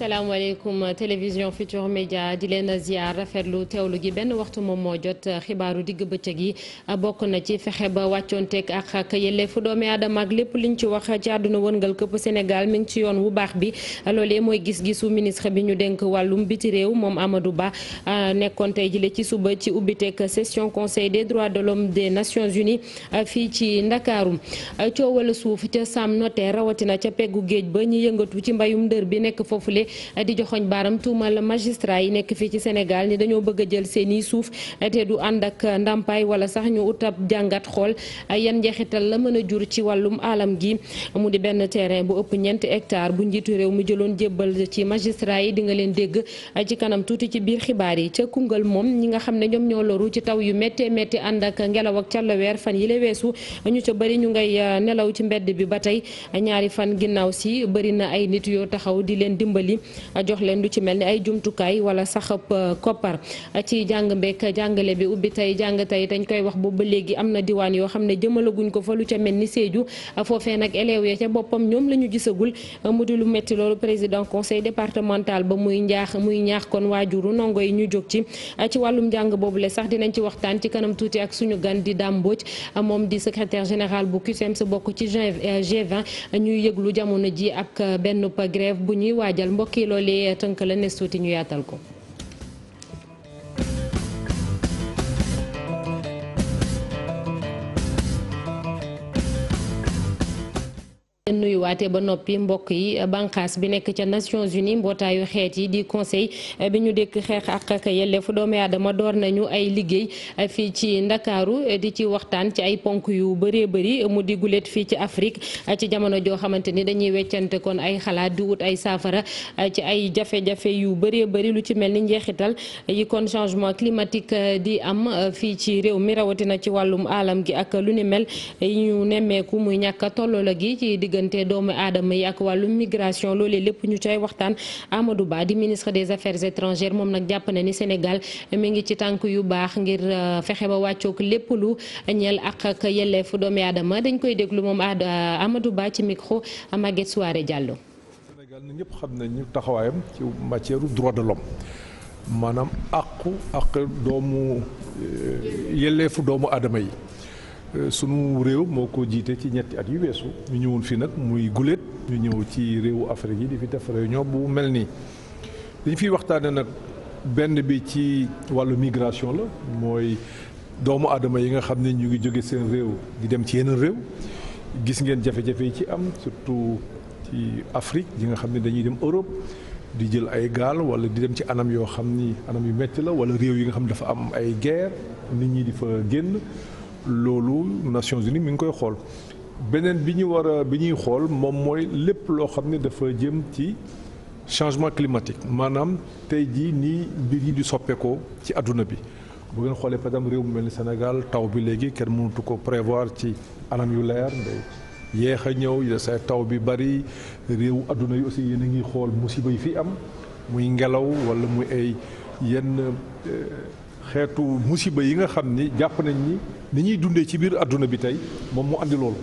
salaamaaleykum télévision Futur Média di leen ziar rafetlu teewlu gi benn waxtu moom moo jot xibaaru digg bëccëg yi bokk na ci fexe ba wàccoonteeg ak ak yelleefu doomi aadama ak lépp li liñ ci wax ci àdduna wërngal këpp Sénégal mi ngi ci yoon wu baax bi loolee mooy gis-gisu ministre bi ñu dénk wàllum biti réew moom Amadou Ba euh, nekkoon tey jile ci suba ci ubbiteeg session conseil des droits de l'homme de Nations Unies euh, fii ci Ndakaaru euh, coowal suuf ca rawatina ca peggu géej ba ñu yëngatu ci mbayum dër bi nekk foofule Eh, di joxoñ baaram tuumal magistrat yi nekk fii ci Sénégal ni dañoo bëgg a jël seeni suuf eh, te du ànd ak eh, ndàmpaay wala sax ñu ut jàngat xool yan njeexital la mën a jur ci wàllum alam gi mu di benn terrain bu ëpp ñeenti hectare bu njiitu réew mu jëloon jébbal ci magistrat yi di nga leen dégg ci kanam tuuti ci biir xibaar yi ca Koungheul moom ñi nga xam ne ñoom ñoo loru ci taw yu méttee métti ànd ak ngelaw ak càllaweer fan yi la weesu ñu ca bëri ñu ngay nelaw ci mbedd bi ba tey ñaari fan ginnaaw si bëri na ay nit yoo taxaw di leen dimbali jox leen lu ci mel ni ay jumtukaay wala sax euh, koppar ci jàng mbeek jàngale bi ubbi tey jàng tey dañ koy wax boobu ba léegi am na diwaan yoo xam ne jëmalaguñ ko fa lu ca mel ni Sédhiou foofee nag élèves ya ca boppam ñoom la ñu gisagul mu di lu métti loolu président conseil départemental ba muy njaax muy ñaax kon waajuru ndongo yi ñu jóg ci ci wàllum njàng boobule sax dinañ ci waxtaan ci kanam tuuti ak suñu gan di Dame Mbodj moom di secretaire général bu CUSEMS bokk ci G20 euh, yëglu jamono ji ak euh, benn grève bu ñuy waajal mbokk mbokk yi loolu tënk la ne suuti ñu yaatal ko. nuyuwaate ba noppi mbokk yi bànqaas bi nekk ca Nations Unies mbootaayu xeet yi di conseil eh, bi ñu dékk xeex ak ak doom doomu dama door nañu ay liggéey eh, fii ci ndakaaru eh, di ci waxtaan ci ay ponk yu bëree bëri mu di fii ci Afrique ci jamono joo xamante ni dañuy weccante kon ay xalaat di ay saafara ci ay jafe-jafe yu bëree bëri lu ci mel ni njeexital yi kon changement climatique di am fii ci réew mi rawatina ci wàllum aalam gi ak lu ni mel yi ñu nemmeeku muy ñàkk tolloo la gi ci digg diggante doomu aadama yi ak wàllum migration loolee lépp ñu cay waxtaan Amadou Ba di ministre des affaires étrangères moom nag jàpp na ni Sénégal mi ngi ci tànk yu baax ngir euh, fexe ba wàccoog lépp lu ñeel ak ak yelleefu doomu aadama dañ koy déglu moom euh, Amadou Ba ci micro Maguette Souare Diallo. Sénégal na xam nañu taxawaayam ci matière droit de l'homme maanaam àqu ak doomu euh, yelleefu doomu aadama yi. Euh, sunu réew moo ko jiitee ci ñetti at yu weesu ñu ñëwoon fii nag muy guléet ñu ñëw ci réewu Afrique yi di fi defaree réunion bu mel nii dañu fi waxtaanee nag benn bi ci wàllu migration la mooy doomu aadama yi nga xam ne ñu ngi jóge seen réew di dem ci yeneen réew gis ngeen jafe-jafe yi ci am surtout ci Afrique yi nga xam ne dañuy dem Europe di jël ay gaal wala di dem ci anam yoo xam ni anam yu metti la wala réew yi nga xam ne dafa am ay guerre nit ñi di fa génn loolu Nations Unies mi ngi koy xool beneen bi ñuy war a bi ñuy xool moom mooy lépp loo xam ne dafa jëm ci changement climatique maanaam tey jii nii mbir yi di soppeekoo ci àdduna bi bu ngeen xoolee par réew mu mel ni Sénégal taw bi léegi kenn mënatu ko prévoir ci anam yu leer day yéex a ñëw yi say taw bi bari réew adduna yi aussi yéen a ngi xool musiba yi fi am muy ngelaw walla muy ay yenn euh, xeetu musiba yi nga xam ni jàpp nañ ni ni ñuy dundee ci biir àdduna bi tey moom mu andi loolu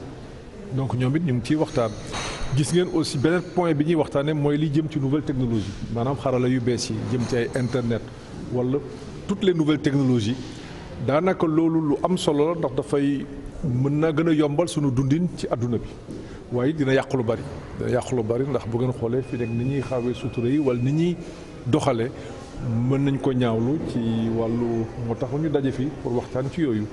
donc ñoom it ñu ngi ciy waxtaan. gis ngeen aussi beneen point bi ñuy waxtaanee mooy li jëm ci nouvelle technologie maanaam xarala yu bees yi jëm ci ay internet wala toutes les nouvelles technologies daanaka loolu lu am solo la ndax dafay mën naa gën a yombal sunu dundin ci àdduna bi waaye dina yàq lu bari. dina yàq lu bari ndax bu ngeen xoolee fi nekk ni ñuy xawee sutura yi wala ni ñuy doxalee mën nañ ko ñaawlu ci wàllu moo taxu ñu daje fi pour waxtaan ci yooyu.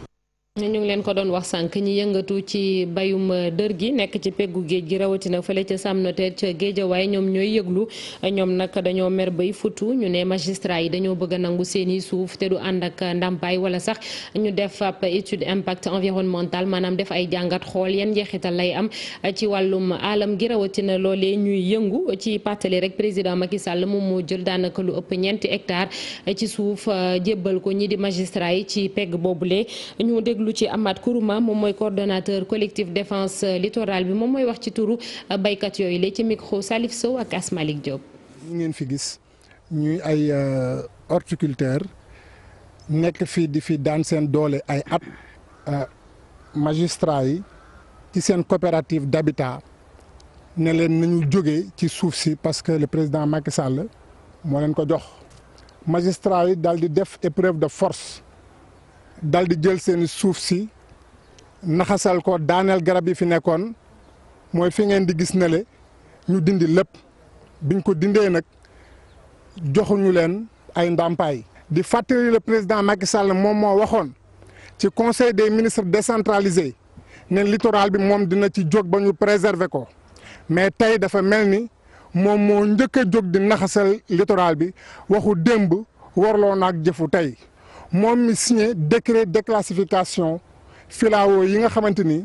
ñu ngi leen ko doon wax sànq ñi yëngatu ci bayum dër gi nekk ci peggu géej gi rawatina fële ca Sam Notaire ca Géejawaay ñoom ñooy yëglu ñoom nag dañoo mer bay futu ñu ne magistrat yi dañoo bëgg a nangu seeni suuf te du ànd ak ndàmpaay wala sax ñu def ab étude impact environnemental maanaam def ay jàngat xool yan njeexital lay am ci wàllum alam gi rawatina loolee ñuy yëngu ci pàttali rek président Macky Sall moom moo jël daanaka lu ëpp ñeenti hectare ci suuf jébbal ko ñi di magistrat yi ci pegg boobule ñu déglu ci Amath Kourouma moom mooy coordonnateur collectif défense littorale bi moom mooy wax ci turu baykat yooyu la ci micro Salif Sow ak Asmalik Diop. ñu ngeen fi gis ñuy ay euh, horticulteurs nekk fii di fi daan seen doole ay at. Euh, magistrat yi ci seen coopérative d'habitat ne leen nañu jóge ci suuf si parce que le président Macky Sall moo leen ko jox magistrat yi daal di def épreuve de force. dal di jël seeni suuf si naxasal ko daaneel garab yi fi nekkoon mooy fi ngeen di gis ne ñu dindi lépp biñ ko dindee nag joxuñu leen ay ndàmpaay. di fàttali le président Macky Sall moom moo waxoon ci conseil des ministres décentralisé ne littoral bi moom dina ci jóg ba ñu préserver ko mais tey dafa mel ni moom moo njëkk a jóg di naxasal littoral bi waxu démb warloo naag jëfu tey. moom mi signé décret déclassification filao yi nga xamante ni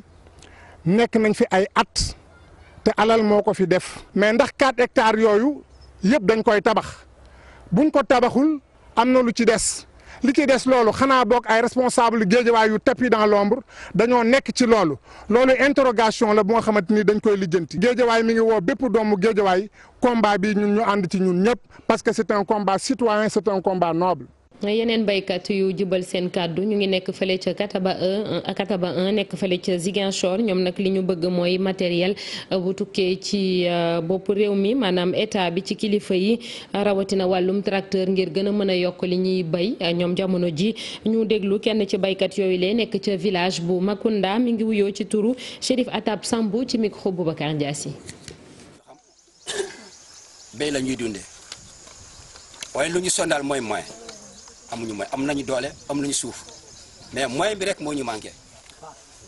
nekk nañ fi ay at te alal moo ko fi def. mais ndax 4 hectares yooyu yëpp dañ koy tabax buñ ko tabaxul am na lu ci des li ci des loolu xanaa boog ay responsable géejawaay yu tapis dans l'ombre dañoo nekk ci loolu loolu interrogation la bu nga xamante ni dañ koy lijjanti. géejawaay mu ngi woo bépp doomu géejawaay combat bi ñun ñu ànd ci ñun ñëpp parce que c'est un combat citoyen c'est un combat yeneen béykat yu jubal seen kàddu ñu ngi nekk fële ca Kataba 1 Kataba 1 nekk fale ca Ziguinchor ñoom nag li ñu bëgg mooy matériel uh, bu tukkee ci uh, bopp réew mi maanaam état bi ci kilifa yi uh, rawatina wàllum tracteur ngir gën a mën a yokk li ñuy bay ñoom jamono ji ñu déglu kenn ci baykat yooyu lee nekk ca village bu Makunda mi ngi wuyoo ci turu Chérif Atab Sambou ci micro Boubacar ba béy la amuñu mooy am nañu doole am nañu suuf mais moyen bi rek mooy ñu manqué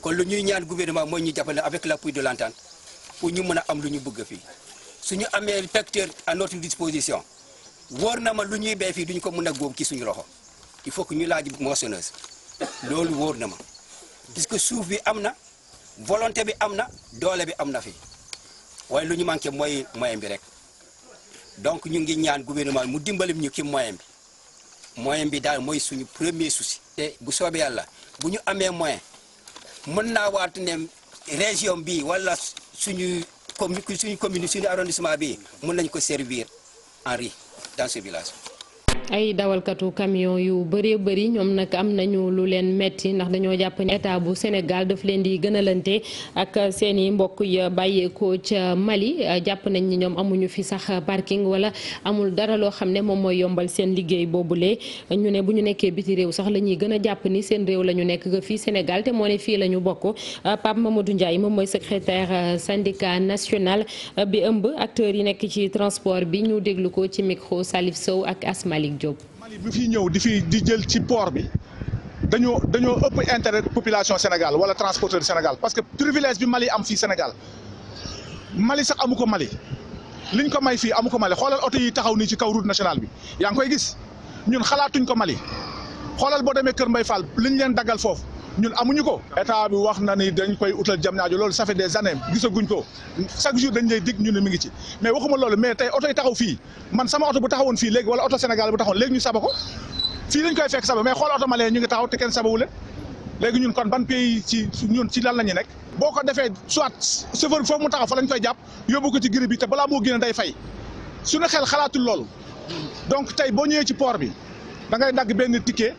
kon lu ñuy ñaan gouvernement mooy ñu jàppale avec l'appui de l'entente pour ñu mën a am lu ñu bëgg fii suñu amee tracteur à notre disposition wóor na ma lu ñuy béy fii duñ ko mën a góob ki suñu loxo il faut que ñu laaj moissonneuse loolu wóor na ma puisque suuf bi am na volonté bi am na doole bi am na fi waaye lu ñu manqué mooy moyen bi rek donc ñu ngi ñaan gouvernement mu dimbalim ñu ci moyen bi moyen bi daal mooy suñu premier souci. te bu soobee yàlla bu ñu amee moyen mën naa waat ne région bi wala suñu commune suñu commune suñu arrondissement bi mën nañ ko servir en riz dans ce village. ay dawalkatu camion yu bëree bëri ñoom nag am nañu lu leen metti ndax dañoo jàpp ni état bu senegal daf leen di gënalante ak seen i mbokk ya bàyyeekoo ca Mali jàpp nañ ni ñoom amuñu fi sax parking wala amul dara loo xam ne moom mooy yombal seen liggéey boobule ñu ne bu ñu nekkee biti réew sax la ñuy gën a jàpp ni seen réew la ñu nekk fii Sénégal te moo ne fii la ñu bokk Pape Mamadou Ndiaye moom mooy secrétaire syndicat national bi ëmb acteur yi nekk ci transport bi ñu déglu ko ci micro Salif Sow ak Asmal Malick Diop. Mali bi fi ñëw di fi di jël ci poor bi dañoo dañoo ëpp intérêt population Sénégal wala transporteur Sénégal parce que privilège bi Mali am fii Sénégal Mali sax amu ko Mali liñ ko may fii amu ko Mali xoolal oto yi taxaw nii ci kaw route nationale bi yaa ngi koy gis ñun xalaatuñ ko Mali xoolal boo demee Kër Mbay Fall liñ leen daggal foofu. ñun amuñu ko état bi wax na ni dañ koy utal jamñaajo loolu ça fait des années gisaguñ ko chaque jour dañ lay dig ñu mi ngi ci mais waxuma loolu mais tey oto yi taxaw fii man sama oto bu taxawoon fii léegi wala oto Sénégal bu taxawoon saba ko fii dañ koy fekk saba mais xool oto malien ñu ngi taxaw te kenn sabawu leen léegi ñun kon ban pays ci ñun ci lan la ñu nekk boo ko defee soit chauffeur foofu mu taxaw fa lañ koy jàpp yóbbu ko ci giri bi te balaa moo génn day fay su suñu xel xalaatul lool donc tey boo ñëwee ci port bi da ngay dagg benn ticket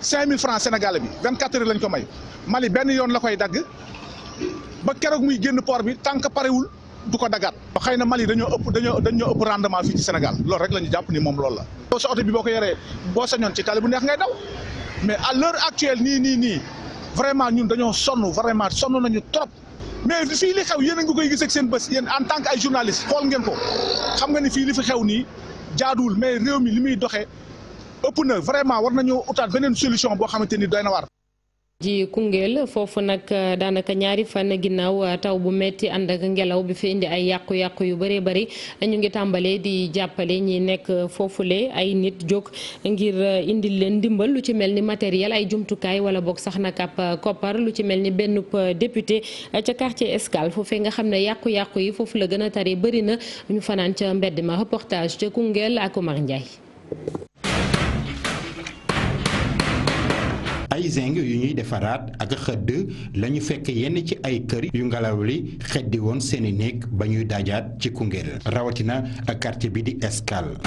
cinq mille francs Sénégal bi vingt quatre heures lañ ko may Mali benn yoon la koy dagg ba keroog muy génn port bi tant que parewul du ko dagaat ba xëy na Mali dañoo ëpp dañoo dañoo ëpp rendement fii ci Sénégal loolu rek la ñu jàpp ni moom loolu la. boo bi boo ko yoree boo sañoon ci tali bu neex ngay daw mais à l'heure actuelle nii nii nii vraiment ñun dañoo sonn vraiment sonn nañu trop. mais fii li xew yéen ngi koy gis ak seen bés yéen en tant que ay journaliste xool ngeen ko xam nga ni fii li fi xew nii jaaduwul mais réew mi li muy doxee. ëpp na vraiment war nañu utaat boo xamante ni doy na ji Koungheul foofu nag euh, daanaka ñaari fan ginnaaw euh, taw bu metti ànd ak ngelaw bi fi indi ay yàqu-yàqu yu bëree bëri ñu ngi tàmbalee di jàppale ñi nekk foofule ay nit jóg ngir euh, indi leen ndimbal lu ci mel ni matériel ay jumtukaay wala boog sax nag ab koppar lu ci mel ni benn député ca quartier Escale foofee nga xam ne yàqu yi foofu la gën a tari bëri na ñu fanaan ca mbedd ma reportage ca Koungheul ak Omar Ndiaye. ay zinc yu ñuy defaraat ak xëdd la ñu fekk yenn ci ay kër yu ngelaw li xeddi woon seeni néeg ba ñuy dajaat ci Koungheul rawatina ak quartier bi di Escale.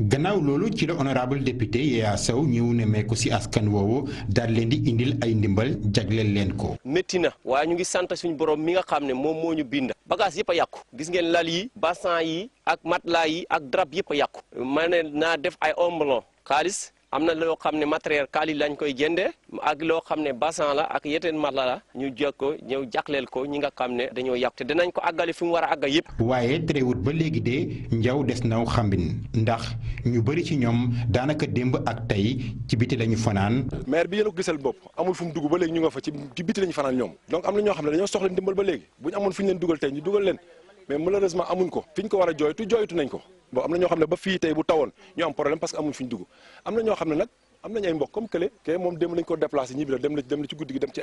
gannaaw loolu ci la honorable député Yaya Sow ñëw ne meeku si askan woowu daal leen di indil ay ndimbal jagleel leen ko. métti na waaye ñu ngi sant suñu borom mi nga xam ne moom moo ñu bind. bagage yëpp a yàqu gis ngeen lal yi basan yi ak matelas yi ak drap yëpp a yàqu. ma naa def ay omblon xaalis. am na loo xam ne matériel kaali lañ koy jëndee ak loo xam ne bassan la ak yeneen matelas la la ñu jël ko ñëw jaxleel ko ñi nga xam ne dañoo yàq te dinañ ko àggali fi mu war a àgga yëpp. waaye terewut ba léegi de njaw des naw xambin ndax ñu bëri ci ñoom daanaka démb ak tey ci biti lañu fanaan. maire bi yéen ko gisal bopp amul fu mu dugg ba léegi ñu nga fa ci biti lañu fanaan ñoom donc am na ñoo xam ne dañoo soxla ndimbal ba léegi bu ñu amoon fu ñu leen dugal tey ñu dugal leen mais malheureusement amuñ ko fi ñu ko war a jooytu jooytu nañ ko bon am na ñoo xam ne ba fii tey bu tawoon ñu am problème parce que am na ñoo xam ne nag am nañ ay mbokk comme kële kee moom dem lañ ko déplacé ñibbi la dem la dem la ci guddi gi dem ci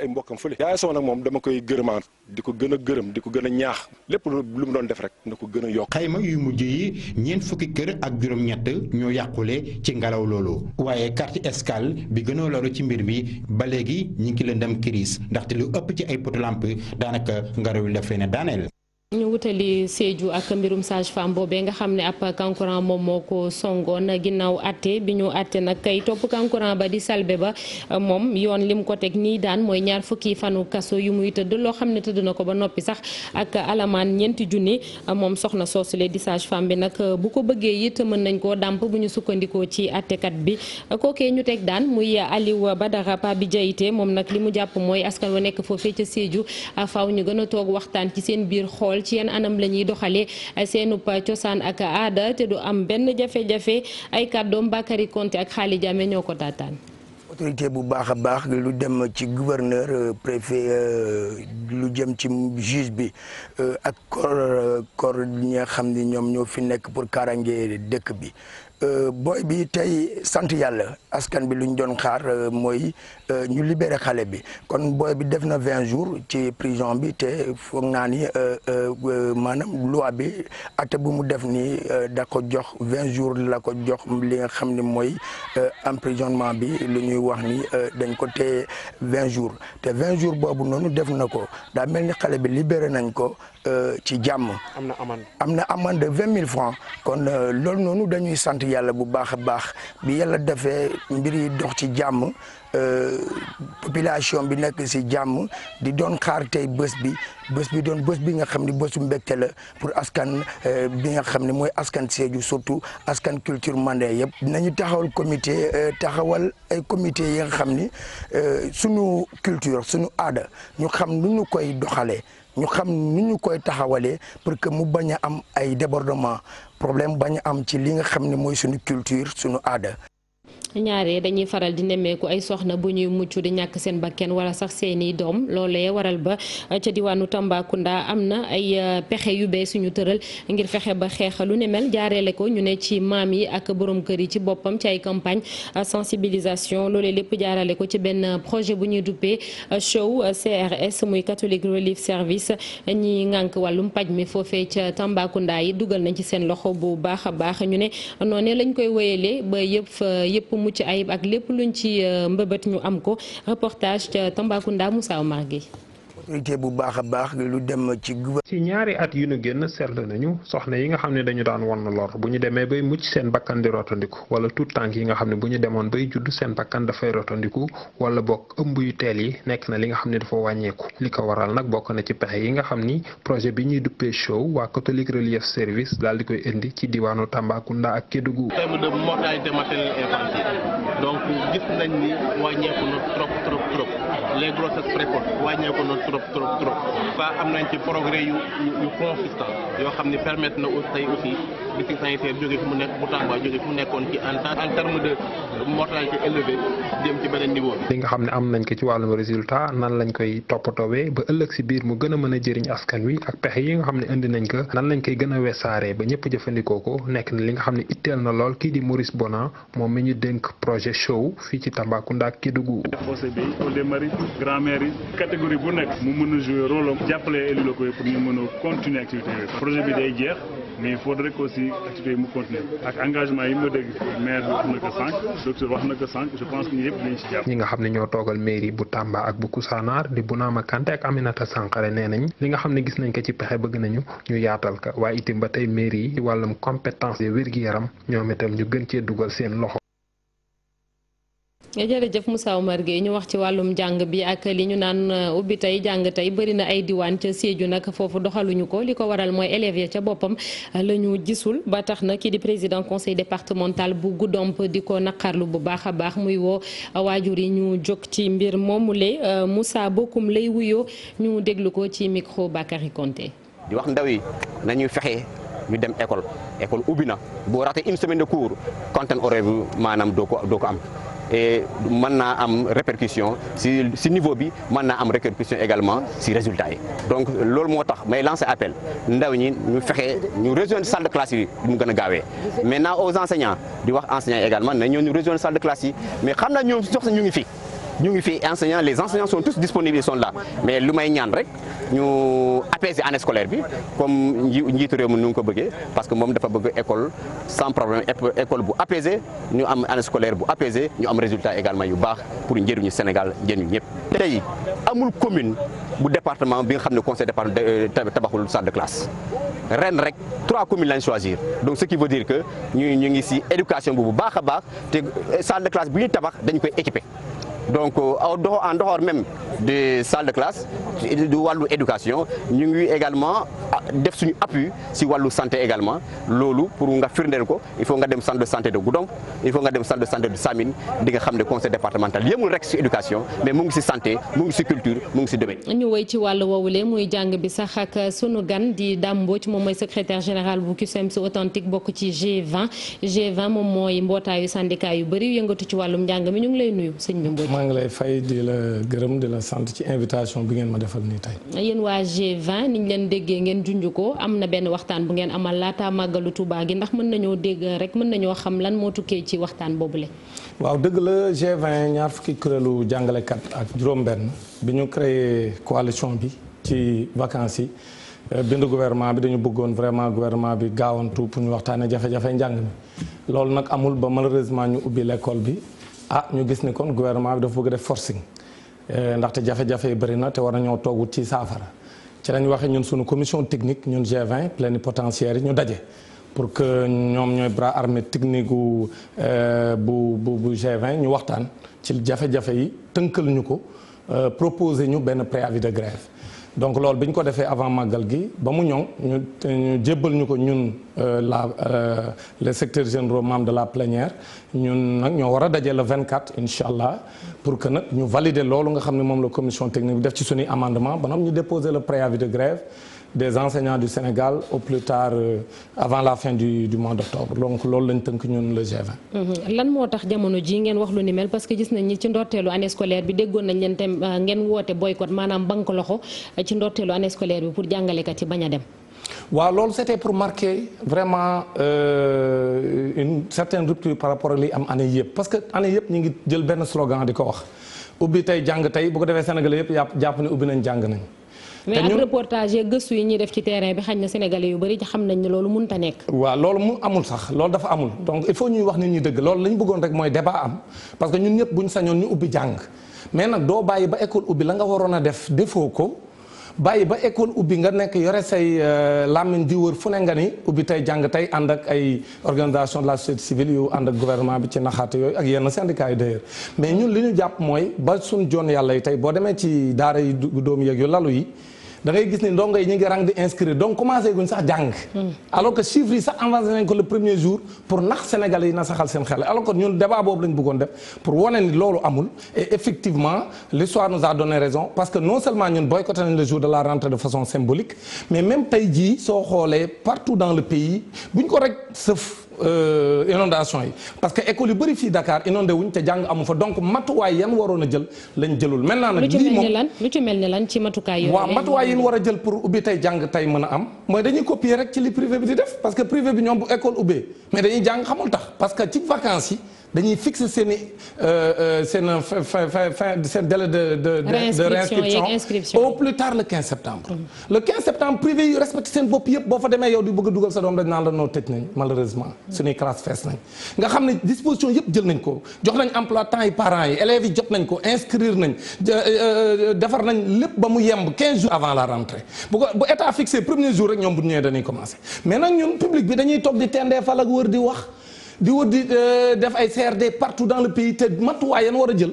ko gën a gërëm di ko gën a ñaax lépp lu mu doon def rek na ko gën a yokk xayma yu mujj yi ñeent fukki kër ak juróom-ñett ñoo yàqule ci ngelaw loolu waaye quartier Escale bi gën a loru ci mbir bi ba léegi ñi ngi leen dem crise ndaxte lu ëpp ci ay poteau lampe daanaka ngelaw yi daf leen a daaneel ñu wutali Sédhiou ak mbirum sage femme boobee nga xam ne ab kankuran moom moo ko songoon ginnaaw atte bi ñu atte nag kay topp kankuran ba di salbe ba moom yoon lim ko teg nii daan mooy ñaar fukki fanu kaso yu muy tëdd loo xam ne tëdd na ko ba noppi sax ak alamaan ñeenti junni moom soxna soosule di sage femme bi nag bu ko bëggee it mën nañ koo dàmp bu ñu sukkandikoo ci attekat bi kookee ñu teg daan muy ba Badara Pabi Diaité moom nag li mu jàpp mooy askan wa nekk foofee ca Sédhiou faaw ñu gën a toog waxtaan ci seen biir xool ci yenn anam la ñuy doxalee seenub cosaan ak aada te du am benn jafe-jafe ay kàddoom Bakary Konte ak Xaali Jaame ñoo ko taataan. autorité bu baax a baax lu dem ci gouverneur préfet euh, lu jëm ci juge bi euh, ak kor corps ñi nga xam ni ñoom ñoo fi nekk pour kaaraange dëkk bi euh, booy bi tey sant yàlla. askan bi lu ñu doon xaar euh, mooy euh, ñu libéré xale bi kon booy bi def na vingt jours ci prison bi te foog naa ni euh, maanaam loi bi ate bu mu def ni da ko jox vingt jours la ko jox li nga xam ne mooy emprisonnement bi lu ñuy wax ni dañ ko téye vingt jours te vingt jours boobu noonu def na ko daa mel ni xale bi libéré nañ ko ci jàmm. am na amende am na amende vingt mille francs kon loolu noonu dañuy sant yàlla bu baax a baax bi yàlla defee mbir yi dox ci jàmm euh, population bi nekk si jàmm di doon xaar tey bés bi bés bi doon bës bi nga xam ni ne bésu mbégte la pour askan euh, bi nga xam ne mooy askan Sédhiou surtout askan culture mandé yëpp. nañu taxawal comité euh, taxawal ay comité yi xam ni sunu culture sunu aada ñu xam nu ñu koy doxalee. ñu xam ni ñu koy taxawalee pour que mu bañ a am ay débordement problème bañ am ci li nga xam ne mooy suñu culture sunu aada ñaare dañuy faral di nemmeeku ay soxna bu ñuy mucc di ñàkk seen bakken wala sax seeni doom loolee waral ba uh, ca diwaanu Tambacounda am na ay uh, pexe yu bees suñu tëral ngir fexe ba xeex lu ne mel jaareele ko ñu ne ci maam yi ak borom kër yi ci boppam ci ay campagne uh, sensibilisation loole lépp jaarale ko ci benn projet bu ñuy duppee show CRS muy Catholic Relief Service ñi ngànk wàllum paj mi foofee ca Tambacounda yi dugal nañ ci seen loxo bu baax a baax ñu ne noonu lañ koy wéyalee ba yëpp yëpp mucc ayib ak lépp luñ ci euh, mbëbët ñu am ko reportage ca Tambacounda Moussa Omar Gueye sécurité bu baax a dem ci gouvernement. ci ñaari at yu ñu génn seetlu nañu soxna yi nga xam ne dañu daan won lor bu ñu demee bay mucc seen bakkan di rotandiku wala tout tànk yi nga xam ne bu ñu demoon bay judd seen bakkan dafay rotandiku wala bokk ëmb yu teel yi nekk na li nga xam ne dafa wàññeeku li ko waral nag bokk na ci pexe yi nga xam ni projet bi ñuy duppee show waa catholique relief service daal di koy indi ci diwaanu Tambacounda ak Kédougou. terme de mortalité maternelle infantile donc gis nañ les grossesses précoces wàññeeku na trop trop trop ça am nañ ci progrès yu consistant yoo xam ne permettre na aussi tey aussi district jóge fu mu nekk bu Tamba jóge fu mu nekkoon ci en en terme de mortalité dem ci beneen niveau li nga xam ne am nañ ko ci wàllum résultat nan lañ koy toppatoowee ba ëllëg si biir mu gën a mën a jëriñ askan wi ak pexe yi nga xam ne indi nañ ko nan lañ koy gën a wesaaree ba ñëpp jëfandikoo ko nekk na li nga xam ne itteel na lool kii di Maurice Bonan moom mi ñu dénk projet show fii ci Tambacounda ak yi grand maire yi catégorie bu nekk mu mën a jouer jàppale élus locaux yi pour ñu mën continuer activité yooyu projet bi day jeex mais il faut rek aussi activité yi mu continuer ak engagement yi ma dégg maire bi wax na ko sànq docteur je pense que ñi nga xam ne ñoo toogal mairie bu Tamba ak bu Koussanar di bu naa Bounama Kanté ak Aminata Sankharé nee nañ li nga xam ne gis nañ ko ci pexe bëgg nañu ñu yaatal ka waaye itam ba tey mairie yi ci wàllum compétence de wér-gi-yaram ñoom itam ñu gën cee dugal seen loxo Eh, jërëjëf Moussa Omar Gueye ñu wax ci wàllum jàng bi ak li ñu naan eh, ubbi tey jàng tey bëri na ay diwaan ca Sédhiou nag foofu doxaluñu ko li ko waral mooy élèves ya ca boppam eh, la ñu gisul ba tax na kii di président conseil départemental bu Goudomp di ko naqarlu bu baax a baax muy woo waajur yi ñu jóg ci mbir moomule Moussa Bokum lay wuyoo ñu déglu ko ci micro Bakary Konté. di wax ndaw yi nañuy fexe ñu dem école école ubbi na boo raté une semaine de cours maanaam doo ko doo am. et mën naa am répercussion si si niveau bi mën naa am répercussion également si résultat yi donc loolu moo tax may lancer appel ndaw ñi ñu fexe ñu rejoindre salle de classe yi mu gën a gaawee maintenant aux enseignants di wax enseignants également na ñoo ñu rejoindre salle de classe yi mais xam na ñoom sox ñu ngi fi ñu ngi fi enseignants les enseignants sont tous disponibles ils sont mais lu may ñaan rek ñu apaiser année scolaire bi comme njiitu réew mi nu ngi ko bëggee parce que moom dafa bëgg école sans problème école bu apaisée ñu am année scolaire bu apaisée ñu am résultat également yu baax pour njëriñu Sénégal njëriñu ñëpp. tey amul commune bu département bi nga xam ne conseil départemental euh, tabaxul salle de classe. ren rek trois communes lañ choisir donc ce qui veut que ñu ñu ngi ci éducation bu baax a baax te salle de classe bu tabax dañ koy équiper. donc euh, en dehors même des salles de classe du wàllu éducation ñu ngi également ah, def suñu appui si wàllu santé également loolu pour nga firndeel ko il faut nga dem centre de santé de Goudomp il faut nga dem centre de santé de Samine di nga xam ne conseil départemental yemul rek si éducation mais mu ngi si santé mu ngi si culture mu ngi si domaine. ñu woy ci wàllu woowule muy jàng bi sax ak sunu gan di Dame moom mooy secrétaire général bu CUSEMS authentique bokk ci G20 G20 moom mooy mbootaayu syndicat yu bëri ci wàllum njàng mi ñu ngi lay nuyu maa ngi lay fay di la gërëm di la sant ci invitation bi ngeen ma defal nii tey. yéen waa G20 niñ leen déggee ngeen junj ko am na benn waxtaan bu ngeen amal laataa màggalu Tuubaa gi ndax mën nañoo dégg rek mën nañoo xam lan moo tukkee ci waxtaan boobu le waaw dëgg la G20 ñaar fukki kuréelu jàngalekat ak juróom-benn bi ñu créé coalition bi ci vacances yi euh, bind gouvernement bi dañu bëggoon vraiment gouvernement bi gaawantu pour ñu waxtaanee jafe-jafe njàng bi. ah ñu gis ni kon gouvernement bi dafa bëgg def forcing eh, ndaxte jafe-jafe yi bëri na te war nañoo toog ci saafara ci lañ waxee ñun suñu commission technique ñun G20 plénipotentiaire yi ñu daje pour que ñoom ñooy bras armé technique eh, bu bu bu G20 ñu waxtaan ci jafe-jafe yi tënkal ñu ko eh, proposer ñu benn préavis de grève donc loolu bi ñu ko defee avant màggal gi ba mu ñoŋ ñu ñu jébbal ñu ko ñun euh, la euh, le secteur généraux membres de la plénière ñun nag ñoo war a daje le 24 incha allah pour que nag ñu valider loolu nga xam ne moom la commission technique bi def ci suñuy amendement ba ñu déposer le préavis de grève des enseignants du Sénégal au plus tard euh, avant la fin du du mois d'octobre donc loolu lañ tënk ñun le g mhm. lan moo tax jamono ji ngeen wax lu ni mel parce que gis nañ ni ci ndorteelu année scolaire bi déggoon nañ leen tam euh, ngeen woote boycott maanaam bank loxo euh, ci ndorteelu année scolaire bi pour jàngalekat yi bañ a dem. waaw loolu c'était pour marquer vraiment euh, une certaine rupture par rapport ak li am année yëpp parce que année yëpp ñu ngi jël benn slogan di ko wax ubbi tey jàng tey bu ko defee Sénégalais yëpp yàpp jàpp ne ubbi nañ jàng nañ. mais ak reportage gëstu yi ñuy def ci terrain bi xañ na sénégalais yu bëri xam nañ ne loolu mun mënta nekk waa loolu mu amul sax loolu dafa amul donc il faut ñuy wax nit ñi dëgg loolu la ñu bëggoon rek mooy débat am parce que ñun ñëpp buñ sañoon ñu ubbi jàng mais nag doo bàyyi ba école ubbi la nga waroon a def defoo ko bàyyi ba école ubbi nga nekk yore say euh, làmmiñ di wër fu ne nga ni ubbi tey jàng tey ànd ak ay organisation de la société civile yu ànd ak gouvernement bi ci naxaate yooyu ak yenn syndicats yi d'ailleurs mais ñun li ñu jàpp mooy ba suñ joon yàlla yi tey boo demee ci daara yi doomu yeeg yu lalu yi dangay gis ne ndongo yi ñu ngi rang di inscrire donc commencé guñ sax jàng alors que chiffres yi sax avancé nañ ko le premier jour pour nax sénégalais yi na saxal seen xel alors que ñun débat boobu lañ bëggoon def pour wane ni loolu amul et effectivement l'histoire nous a donné raison parce que non seulement ñun boycotté nañ le jour de la rentrée de façon symbolique mais même tey jii soo xoolee partout dans le pays buñ ko rek sëf Euh, inondation yi parce que école yu bëri fii Dakar inondé wuñ te jàng amu fa donc matuwaay yan waroon a jël lañ jëlul maintenant nag lii moom lu ci mel ni lan ci matukaay yooyu waaw matuwaay yi ñu war a jël pour ubbi tey jàng tey mën a am mooy dañuy copier rek ci li privé bi di def parce que privé bi ñoom bu école ubbee mais dañuy jàng xamul tax parce que ci vacances yi dañuy fixer euh, euh, seen i seen seen délai de de de réinscription au plus tard le 15 septembre. Mm. le 15 septembre privé yu respecté seen bopp yëpp boo fa demee yow di bëgg a dugal sa doom dañ naan la noo tëj nañ malheureusement mm. suñuy classe fees nañ nga xam ne disposition yëpp jël nañ ko jox nañ emploi temps yi parents yi élèves yi jot nañ ko inscrire nañ euh, defar nañ lépp ba mu yemb 15 jours avant la rentrée bu ko bu état fixé premier jour rek ñoom bu ñëwee dañuy commencé mais nag ñun public bi dañuy toog di tendee fal ak wër di wax. di wër di euh, def ay CRD partout dans le pays te waa yen war a jël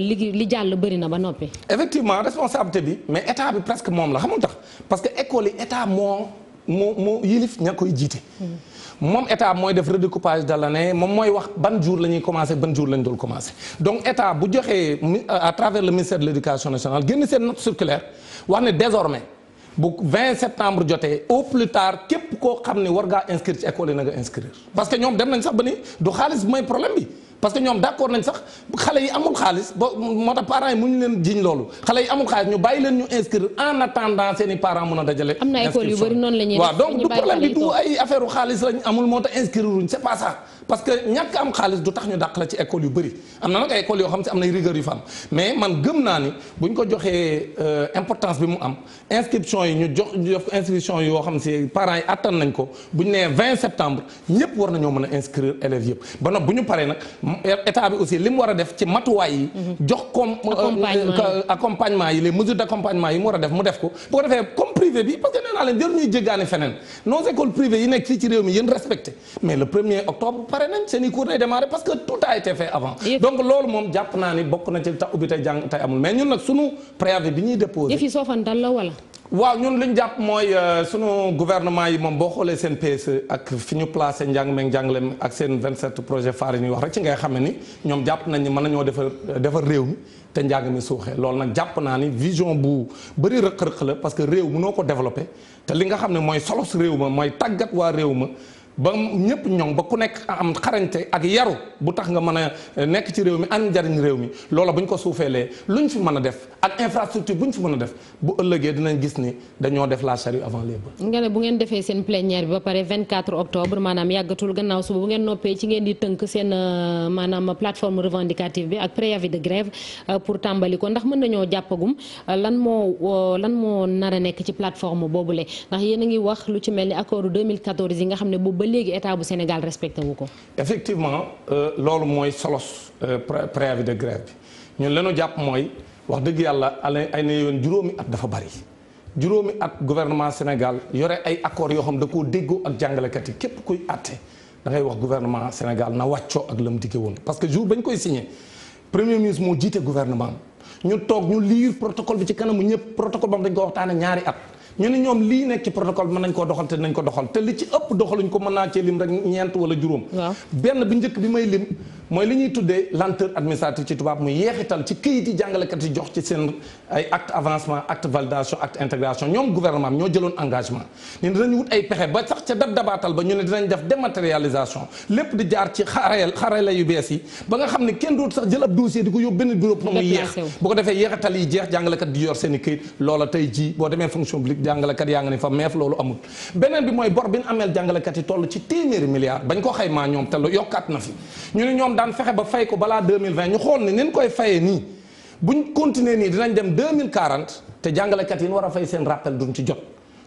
li li jàll bëri na ba noppi. effectivement responsabilité bi mais état bi presque moom la xamul tax parce école yi état moo moo yilif ña koy jiite. Hmm. moom état mooy def redécoupage de l'année moom mooy wax ban jour la ñuy commencé ban jour la ñu dul commencé donc état bu joxee à travers le ministère de l' éducation nationale génn seen note circulaire wax ne désormais bu 20 septembre jotee au plus tard képp koo xam ne war ngaa inscrire ci école yi na nga inscrire. parce que ñoom d'accord nañ sax xale yi amul xaalis boo moo tax parents yi mu ñu leen jiñ loolu xale yi amul xaalis ñu bàyyi leen ñu inscrire en attendant seen i parents mën a dajale. am yu bari noonu la ñuy donc du problème bi du ay affaire xaalis lañ amul moo tax inscrire wuñ c'est pas ça parce que ñàkk am xaalis du tax ñu dàq la ci école yu bëri am na nag ay yoo xam si am nay rigueur yu fa am mais man gëm naa ni bu ñu ko joxee euh, importance bi mu am inscription yi ñu jox ñu def inscription yoo xam si parents yi attan nañ ko bu ñu nee 20 septembre ñëpp war nañoo mën a inscrire élèves yëpp ba nag bu ñu paree nag état bi aussi li mu war a def ci matuwaay yi. Mm-hmm. jox comme euh, euh, accompagnement yi les mesures d' accompagnement yi mu war a def mu def ko bu ko defee comme privé feneen nos écoles yi nekk fii ci réew mi yéen respecté mais le premier octobre. pare nañ seen i cours day parce que tout a été fait avant. donc loolu moom jàpp naa ni bokk na ci tax ubbi tey jàng tey amul mais ñun nag sunu préavis bi ñuy déposé. yëf yi soofantal la wala. waaw ñun li jàpp mooy euh, sunu gouvernement yi moom boo xoolee seen PSE ak fi ñu placé njàng meeg njàngale ak seen 27 projet phares yi ñuy wax rek ci ngay xam ne ni ñoom jàpp nañ ni mën nañoo defar euh, defar réew mi te njàng mi suuxee loolu nag jàpp naa ni vision bu bëri rëq-rëq la parce que réew mënoo ko développé li nga xam ne mooy solos réew ma mooy tàggat waa réew ma ba ñëpp ñoŋ ba ku nekk am xarañte ak yaru bu tax nga mën a eh, nekk ci réew mi am njariñ réew mi loola bu ko suufeelee luñ fi mën a def ak infrastructure bu ñu fi mën a def bu ëllëgee dinañ gis ni dañoo def la charrue avant les nga ne bu ngeen defee seen euh, plateforme revendicative bi ak préavis de grève euh, pour tàmbali ko ndax mën nañoo jàppagum euh, lan moo lan moo nar a nekk ci plateforme boobule ndax yéen ngi wax lu ci mel ni accord yi nga xam ne bu ba léegi état bu Sénégal respecté wu ko. effectivement euh, loolu mooy solos euh, préavis de grève bi ñun lañu jàpp mooy wax dëgg yàlla ay na yoon juróomi at dafa bari. juróomi at gouvernement Sénégal yore ay accords yoo xam da koo déggoo ak jàngalekat yi képp kuy àtte da ngay wax gouvernement Sénégal na wàccoo ak lam diggee woon parce que jour bañ koy signé premier ministre moo jiite gouvernement ñu toog ñu lire protocole bi ci kanamu ñëpp protocole bam dañ ko waxtaane ñaari at. ñu ne ñoom lii nekk ci protocole bi nañ koo doxal te nañ ko doxal te li ci ëpp doxaluñ ko mën naa cee lim rek ñeent wala juróom benn bi njëkk bi may lim mooy li ñuy tuddee lenteur administrative ci tubaab mu yeexital ci këyit yi jàngalekat yi jox ci seen ay acte avancement acte validation acte intégration ñoom gouvernement ñoo jëloon engagement ne dinañ wut ay pexe ba sax ca dab dabaatal ba ñu ne dinañ def dématérialisation lépp di jaar ci xareel xarala yu bees yi ba nga xam ne kenn dootu sax jël ab dossier di ko yóbbu benn bureau pour mu yeex bu ko defee yeexital yi jeex jàngalekat di yor seen i këyit loola tey jii boo demee fonction publique jàngalekat yaa nga ne fa meef loolu beneen bi mooy bor bi ñu ameel jàngalekat yi toll ci téeméeri milliards bañ ko xaymaa ñoom te lu yokkaat na fi doon daan fexe ba fay ko balaa 2020 ñu xool ne nin koy fayee nii buñ continuer nii dinañ dem 2040 te jàngalekat yi war a fay seen du duñ ci jot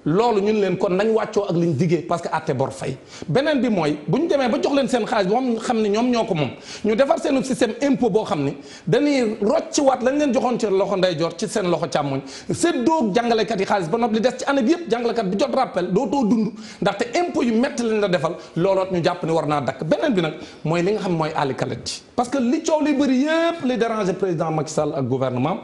loolu ñun leen kon nañ wàccoo ak liñ diggee parce que àtte boo fay beneen bi mooy bu ñu demee ba jox leen seen xaalis moom xam ne ñoom ñoo ko moom ñu defar seen système impôt boo xam ne dañuy waat lañ leen joxoon ci loxo ndeyjoor ci seen loxo càmmoñ séddoo jàngalekat yi xaalis ba noppi li ci année yëpp jàngalekat bi jot rappel dootoo dund ndaxte impôt yu métti lañ la defal looloot ñu jàpp ne war naa dakk beneen bi nag mooy li nga xam mooy àllikalet ji parce que li coow li bëri yëpp li déranger président Macky Sall ak gouvernement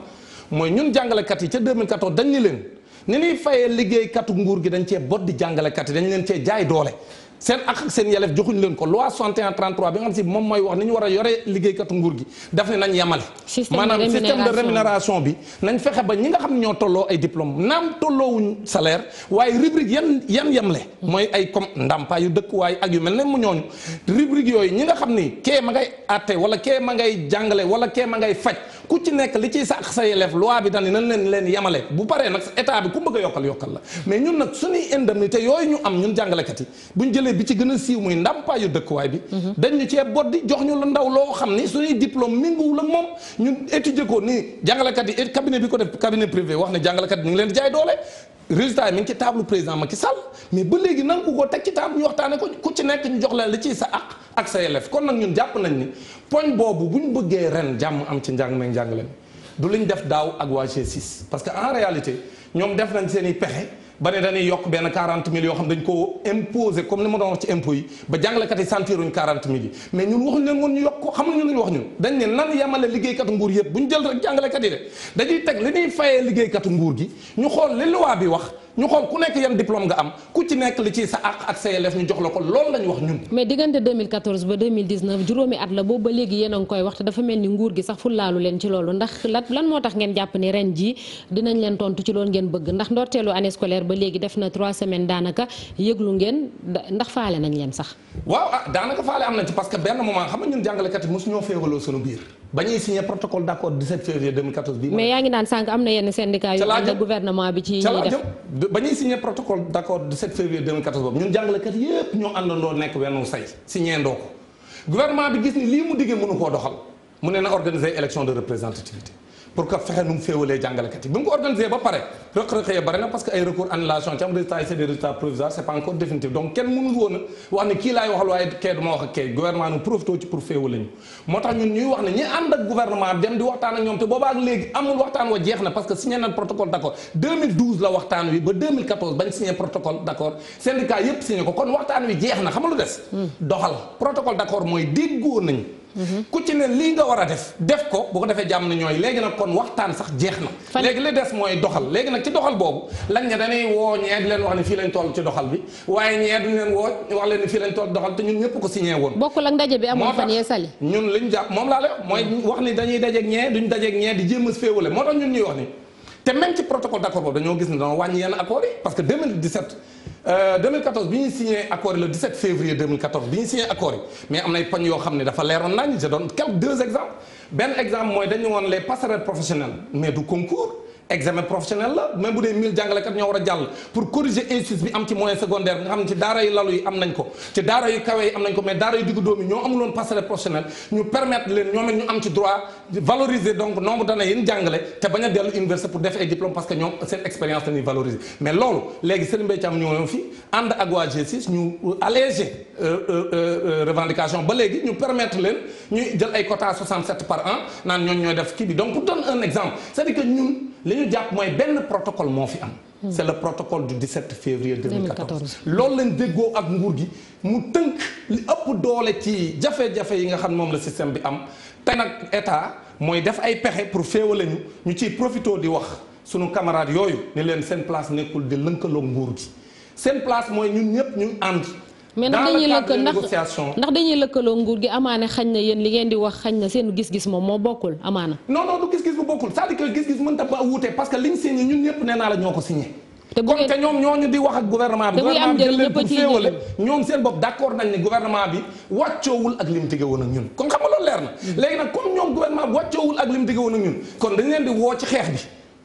mooy ñun jàngalekat yi ca 2014 dañ leen ni ñuy fayee liggéeykatu nguur gi dañ cee bot di jàngalekat yi dañ leen cee jaay doole seen ak ak seen yelef joxuñ leen ko loi 61 33 bi nga xam si moom mooy wax ni war a yore liggéeykatu nguur gi daf ne nañ yemale maanaam système de rémunération bi nañ fexe ba ñi nga xam ne ñoo tolloo ay diplôme naam tolloowuñ salaire waaye rubrique yan yan le mooy ay comme ndàmpaa yu dëkkuwaay ak yu mel ne mu ñooñu rubrique yooyu ñi nga xam ni kee ma ngay atte wala kee ma ngay jàngale wala kee ma ngay faj ku ci nekk li ciy sàq sa yelleef loi bi dañ nan leen leen yemale bu paree nag état bi ku bëgg a yokkal yokkal la mais ñun nag suñuy indemnité yooyu ñu am ñun jàngalekat yi buñ jëlee bi ci gën a siiw muy ndàmpaayu dëkkuwaay bi mhm. dañ ñu cee di jox ñu la ndaw loo xam ni suñuy diplôme minguwul ak moom ñun étudier ko nii jàngalekat yi cabinet bi ko def cabinet privé wax ne jàngalekat yi ñu leen di jaay doole résultat yi mi ngi ci table président Macky Sall mais ba léegi nangu ko teg ci table ko ku ci nekk ñu jox leen li ciy kon nag ñun jàpp nañ poñ boobu bu ñu bëggee ren jàmm am ci njàng meeg njàngale du liñ def daaw ak waa g parce que en réalité ñoom def nañ seen i pexe ba ne dañuy yokk benn 40 000 yoo xam dañ ko imposer comme ni ma doon wax ci impôts yi ba jàngalekat yi sentiruñ 40 000 yi mais ñun waxuñ leen woon ñu yokk xam nga ñun lu ñu wax ñun dañ ne nan yemale liggéeykatu nguur yëpp bu ñu jël rek jàngalekat yi de dañuy teg li ñuy fayee liggéeykatu nguur gi ñu xool li loi bi wax ñu xool ku nekk yan diplôme nga am ku ci nekk li ci sa àq ak sa yelleef ñu jox la ko loolu la wax ñun. mais diggante 2014 ba 2019 juróomi at la boobu ba léegi yéen a ngi koy wax te dafa mel ni nguur gi sax fullaalu leen ci loolu ndax lan lan moo tax ngeen jàpp ni ren ji dinañ leen tontu ci loolu ngeen bëgg ndax ndorteelu année scolaire ba léegi def na 3 semaines daanaka yëglu ngeen ndax faale nañ leen sax. waaw ah daanaka faale am ba ñuy signé protocole d' accord 17 février 2014 bii. mais yaa ngi naan sànq am na yenn syndicat yu ànd ak bi ci ñuy def ba ñuy signé protocole d' accord 17 février 2014 boobu ñun jàngalekat yépp ñoo àndandoo nekk wenn say signé ndoo ko gouvernement bi gis ni lii mu diggee mënu koo doxal mu ne na organiser élection de représentativité pour que fexe nu mu féewalee jàngalekat yi bi mu ko organisé ba pare rëq-rëq ya bare parce que ay recours annulation ci résultat yi c'est des résultats provisoires c'est pas encore définitif donc kenn mënul woon a wax ne kii laay waxal waaye kee duma wax kee gouvernement nu profité ci pour féewale ñu moo tax ñun ñuy wax ne ñi ànd ak gouvernement dem di waxtaan ak ñoom te boobaak léegi amul waxtaan wa jeex na parce que signé nañ protocole d'accord ku ci ne lii nga war a def def ko bu ko defee jàmm na ñooy léegi nag kon waxtaan sax jeex na léegi li des mooy doxal léegi nag ci doxal boobu lañ ne dañuy woo ñee leen wax ne fii lañ toll ci doxal bi waaye ñee du leen woo fii lañ toll doxal te ñun ñëpp ko signé woon bokkul ak ndaje bi amoon fan yee sali ñun liñ jàpp moom laa la mooy mm-hmm. wax ni dañuy dajeeg ñee duñ dajeeg ñee di jéem a féewale moo tax ñun ñuy wax ni te même ci protocole d'accord boobu dañoo gis ne dañoo wàññi yenn accords yi parce que 2017 2014 euh, bi ñu signé accord yi le 17 février 2014 bi ñu signé accord yi mais am nay poñ yoo xam ne dafa leeroon nañu je donne quelques deux exemples benn exemple mooy dañu woon les passerelles professionnelles mais du concours examen professionnel la même bu dee 1000 jàngalekat ñoo war a jàll pour corriger injustice bi am ci moyen secondaire nga xam ne ci daara yu lalu yi am nañ ko ci daara yu kawe yi am nañ ko mais daara yu diggu dóom ñoo amuloon passerelle professionnel ñu permettre leen ñoom ñu am ci droit valoriser donc nombre d'années yi jàngale te bañ a dellu université pour def ay diplôme parce que ñoom seen expérience lañuy valoriser mais loolu léegi Serigne Mbaye Thiam ñoo fi ànd ak waa G6 ñu euh, euh, euh, li ñu jàpp mooy benn protocole moo fi am. Hmm. c' est le protocole du 17 février 2014 loolu lañ déggoo ak nguur gi mu tënk li ëpp doole ci jafe-jafe yi nga xam moom la système bi am tey nag état mooy def ay pexe pour féewale ñu ñu ciy profito di wax sunu camarades yooyu ni leen seen place nekkul di lënkaloog nguur gi seen place mooy ñun ñëpp ñu ànd. mais ndax dañuy lëkkaloo ndax ndax dañuy lëkkaloo nguur gi amaana xañ na yéen li ngeen di wax xañ na seen gis-gis moom moo bokkul amaana. non non du gis-gis bu bokkul c'est-à-dire que gis-gis mën ta ba wuute parce que di wax ak gouvernement bi. te buy am a ciy ñëwale ñoom seen bopp ak lim dige woon ak ñun kon leer na. Hmm. léegi nag comme ñoom gouvernement bi wàccoowul ak lim dige woon ñun kon dañ leen di woo ci xeex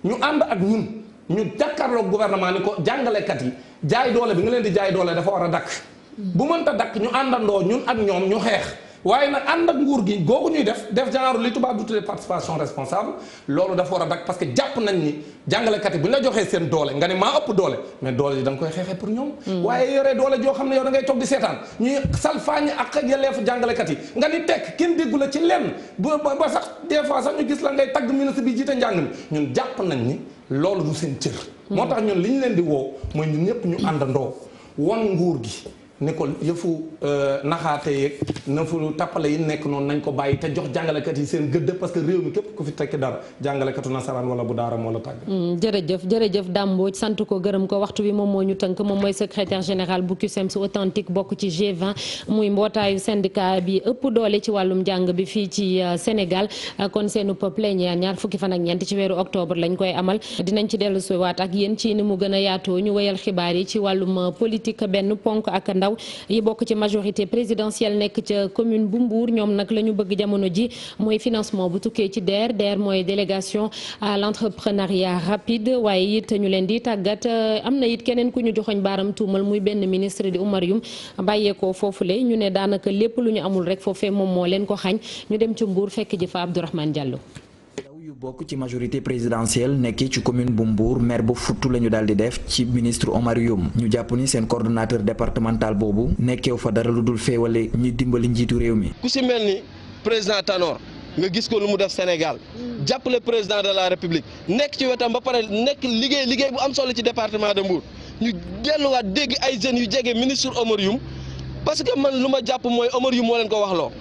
bi ñu ànd ak ñun ñu jàkkaarloog gouvernement ni ko jàngalekat yi jaay doole bi nga leen di jaay doole dafa war a dakk bu mënta dakk ñu àndandoo ñun ak ñoom ñu xeex waaye nag ànd ak nguur gi googu ñuy def def genre li tubaab du tuddee participation responsable loolu dafa war a dakk parce que jàpp nañ ni jàngalekat yi bu ñu joxee seen doole nga ne maa ëpp doole mais doole ji koy xeexee pour ñoom mm. waaye yoree doole joo xam ne yow da ngay toog di seetaan ñuy salfaañi ak yelleefu jàngalekat yi nga ni tekk kenn déggu la ci lenn ba sax des fois sax ñu gis la ngay tagg ministre bi jiite njàng mi ñun jàpp nañ ni loolu du seen cër mm. moo tax ñun li leen di woo mooy ñëpp ñu àndandoo wan nguur gi ni ko yëfu euh, naxaate yeeg na tappale yi nekk noonu nañ ko bàyyi te jox jàngalekat yi seen gëdd parce que réew mi képp ku fi tekki dara jàngalekatu nasaraan wala bu daara moo la tàgg mm, jërëjëf jërëjëf Dambo sant ko gërëm ko waxtu wi moom moo ñu tënk moom mooy secrétaire général bu CUSEMS authentique bokk ci G20 muy mbootaayu syndicat bi ëpp doole ci wàllum jàng bi fii ci euh, Sénégal kon seenu plénière ñaar fukki fan ak ñeent ci weeru octobre lañ koy amal dinañ ci dellu si waat ak yéen ci ni mu gën yaatoo ñu wéyal xibaar yi ci wàllum euh, politique benn ponk ndaw yi bokk ci majorité présidentielle nekk ca commune bu Mbour ñoom nag la ñu bëgg jamono ji mooy financement bu tukkee ci DER DER mooy délégation à l'entrepreneuriat rapide waaye it ñu leen di tàggat am na it keneen ku ñu joxoñ baaram tuumal muy benn ministre di Oumar Youm foofu foofule ñu ne daanaka lépp lu ñu amul rek foofee moom moo leen ko xañ ñu dem ci Mbour fekk ji fa Abdourahmane Diallo yu bokk ci majorité présidentielle nekkee ci commune bu Mbour maire ba futtu la ñu daal di def ci ministre Omar Youm ñu jàpp ni seen coordonnateur départemental boobu nekkeew fa dara lu dul féewale ñi dimbali njiitu réew mi. ku si mel ni président Tanor nga gis ko lu mu def Sénégal jàppale président de la république nekk ci wetam ba pare nekk liggéey liggéey bu am solo ci département de Mbour ñu delluwaat dégg ay jeunes yu jege ministre Omar Youm parce que man lu ma jàpp mooy moo leen ko wax loo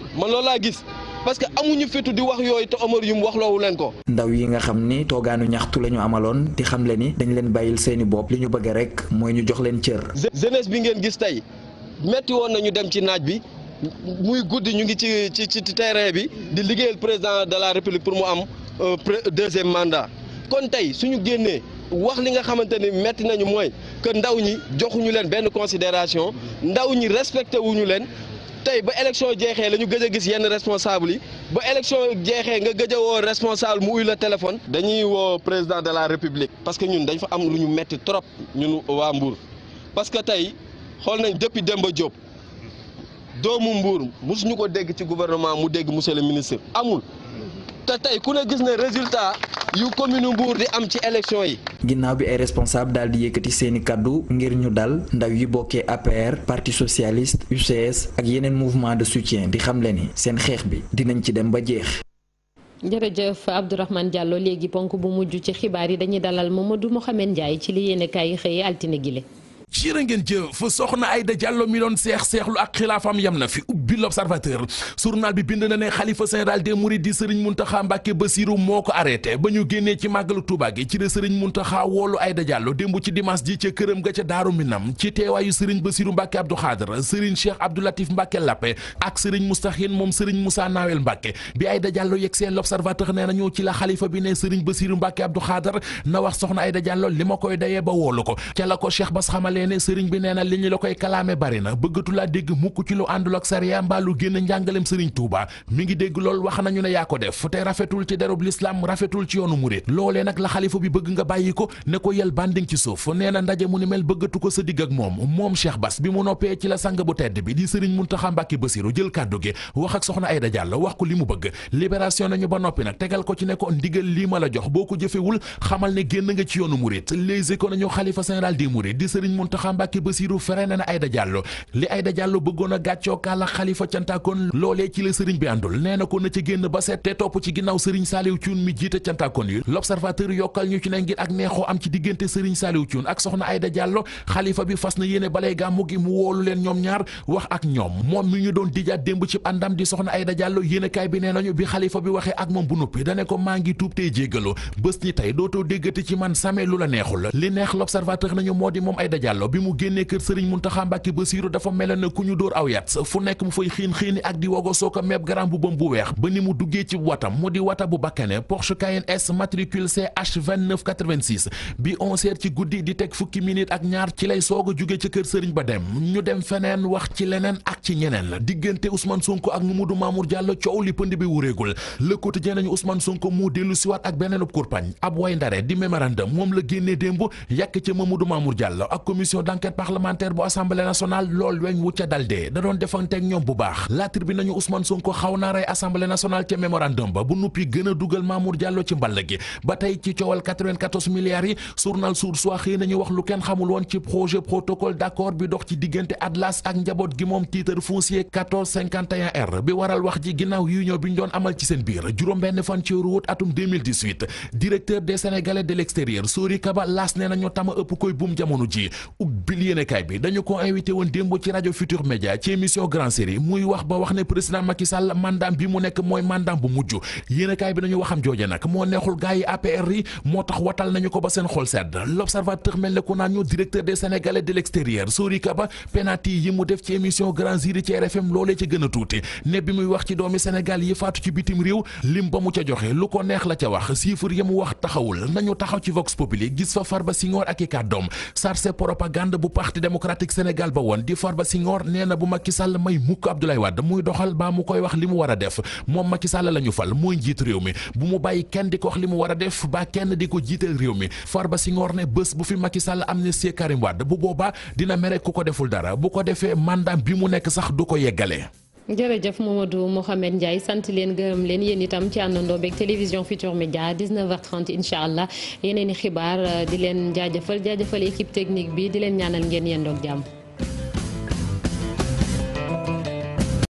parce que amuñu fitu di wax yooyu te Omar Youm wax loowu leen ko. ndaw yi nga xam ni toogaanu ñaxtu la ñu amaloon di xam le ni dañ leen bàyyil seeni bopp li ñu bëgg rek mooy ñu jox leen cër. jeunesse bi ngeen gis tey metti woon nañu dem ci naaj bi muy guddi ñu ngi ci ci ci terrain bi di liggéeyal président de la république pour mu am euh, deuxième mandat kon tey suñu génnee. wax li nga xamante ni metti nañu mooy que ndaw ñi joxuñu leen benn considération ndaw ñi respecté wuñu leen tey ba élection jeexee la ñu gëj a gis yenn responsable yi ba élection jeexee nga gëj a woo responsable mu uy la téléphone dañuy woo président de la république parce que ñun dañ fa am lu ñu metti trop ñun waa Mbour parce que tey xool nañ depuis Demba Diop doomu Mbour mosuñu ko dégg ci gouvernement mu dégg monsieur le ministre amul te tey ku ne gis ne résultat yu commune Mbour di am ci élection yi. ginnaaw bi ay responsable daal di yëkkati seeni kàddu ngir ñu dal ndaw yi bokkee APR parti socialiste UCS ak yeneen mouvement de soutien di xamle ni seen xeex bi dinañ ci dem ba jeex. jërëjëf Abdourahmane Diallo léegi ponk bu mujj ci xibaar yi dañuy dalal moom a Mamadou Mouhamed Ndiaye ci li yéene kaay xëye altine gile jërë ngeen jëf soxna Aïda Diallo mi doon seex seexlu ak xilaafam yam na fi ubbi l'observateur journal bi bind na ne xalifa général des mourides di sëriñ Muntaxa Mbàkke Basiru moo ko arrêté ba ñu génnee ci màggalu Tuuba gi ci la sëriñ Muntaxa woolu Aïda Diallo démb ci dimanche ji ca këram ga ca Daaru Minam ci teewaayu sëriñ Basiru Mbàkke Abdu Xaadar sëriñ Cheikh Abdou Latif Mbàkke Lappe ak sëriñ Mustaxin moom sëriñ Moussa Nawel Mbàkke bi Aïda Diallo yegg seen l'observateur nee nañu ci la xalifa bi ne sëriñ Basiru Mbàkke Abdu Xaadar na wax soxna Aïda Diallo li ma koy dayee ba woolu ko la ko xamle ne sëriñ bi nee na li ñu la koy kalaame bari na bëggatulaa dégg mukk ci lu àndul ak sariya mbaa lu génn njàngalem sëriñ Tuuba mi ngi dégg lool wax nañu ne yaa ko def te rafetul ci derub lislaam rafetul ci yoonu murit loolee nag la xalifa bi bëgg nga bàyyi ko ne ko yel banding ci suuf nee na ndaje mu ni mel bëggatu ko sa digg ak moom moom Cheikh Bass bi mu noppee ci la sang bu tedd bi di sëriñ Muntaxa Mbàkke Basiru jël kàddu gi wax ak soxna wax ko li mu bëgg libération nañu ba noppi nag tegal ko ci ne ko ndigal lii ma la jox boo ko jëfewul xamal ne génn nga ci yoonu murit les économies xalifa général des mourides di sëriñ Muntaxa Mbàkke siiru fere na ne Aïda Diallo li Aïda Diallo bëggoon a gàccoo kàlla xalifa cantaakoon loolee ci la sëriñ bi àndul nee na ko na ca génn ba seet te ci ginnaaw sëriñ Saaliw Cuun mi jiite cantaakoon yi l'observateur yokkal ñu ci ne ngir ak neexoo am ci diggante sëriñ Saaliw Cuun ak soxna Aïda Diallo xalifa bi fas na yéene balay gàmmu gi mu woolu leen ñoom ñaar wax ak ñoom moom mi ñu doon dijaat démb ci àndam di soxna Aïda Diallo yéenekaay bi nee nañu bi xalifa bi waxee ak moom bu noppi dane ko maa ngi tuub tey jéggalu bés tey dootoo déggati ci man same lu la neexul li neex l'observateur nañu moo di moom Aïda Diallo Diallo bi mu génnee kër Serigne Mountakha Mbacké Bassirou dafa mel ne ku ñu dóor aw yat fu nekk mu fay xiin xiini ak di wogo soo ko ba ni mu duggee ci watam mu di wata guddi di teg fukki minute ak ñaar ci lay soog a jugee ci kër Serigne ba dem ñu dem feneen wax ci leneen ak ci ñeneen la diggante Ousmane Sonko ak Mamadou Mamour Diallo coow li pënd bi wuréegul Le Quotidien nañu Ousmane Sonko moo dellu siwaat ak beneen kurpañ ab way ndare di mémorandum moom la génnee démb yàkk ca Mamadou Mamour Diallo ak commission commission d'enquête parlementaire bu assemblée nationale lool weñ wu ca daldee da doon defanteeg ñoom bu baax la tribune nañu Ousmane Sonko xaw naa rey assemblée nationale ca mémorandum ba bu nuppi gën dugal Mamour Diallo ci mball gi ba tey ci coowal 94 milliards yi journal Source A xëy nañu wax lu kenn xamul woon ci projet protocole d'accord bi dox ci diggante Atlas ak njaboot gi moom titre foncier 1451 R bi waral wax ji ginnaaw union bi ñu doon amal ci seen biir juróom benn fan ci ruut atum 2018 directeur des sénégalais de l'extérieur Sori Kaba laas nee nañu tama ëpp koy buum jamono ji ubbil yéenekaay bi dañu ko invité woon démb ci rajo Futur Média ci émission Grand Série muy wax ba wax ne président Macky Sall mandaam bi mu nekk mooy mandaam bu mujj yéenekaay bi nañu waxam jooje nag moo neexul gars yi APR yi moo tax watal nañu ko ba seen xol sedd l'observateur mel ne ku naan ñu directeur des Sénégalais de l'extérieur Sori Kaba penati yi mu def ci émission Grand Série ci RFM loolee ci gën a tuuti ne bi muy wax ci doomi Sénégal yi faatu ci bitim réew lim ba mu ca joxe lu ko neex la ca wax chiffre yi mu wax taxawul nañu taxaw ci Vox Populi gis fa Farba Senghor i kàddoom sarse propagande bu parti démocratique Sénégal ba woon di Farba Senghor nee na bu Macky Sall may mukk Abdoulaye Wade muy doxal baa mu koy wax li mu war a def moom Macky Sall la ñu fal mooy njiit réew mi bu mu bàyyi kenn di ko wax li mu war a def baa kenn di ko jiital réew mi Farba Senghor ne bés bu fi Macky Sall amnistie Karim wadd bu boobaa dina mere ku ko deful dara bu ko defee mandat bi mu nekk sax du ko yeggalee jërëjëf Mamadou Mouhamed Ndiaye sant leen gërëm leen yéen itam ci àndandoo beeg télévision Futur Média 19h30 incha allah yeneen i xibaar di leen jaajëfal jaajëfal équipe technique bi di leen ñaanal ngeen yendoog jàmm.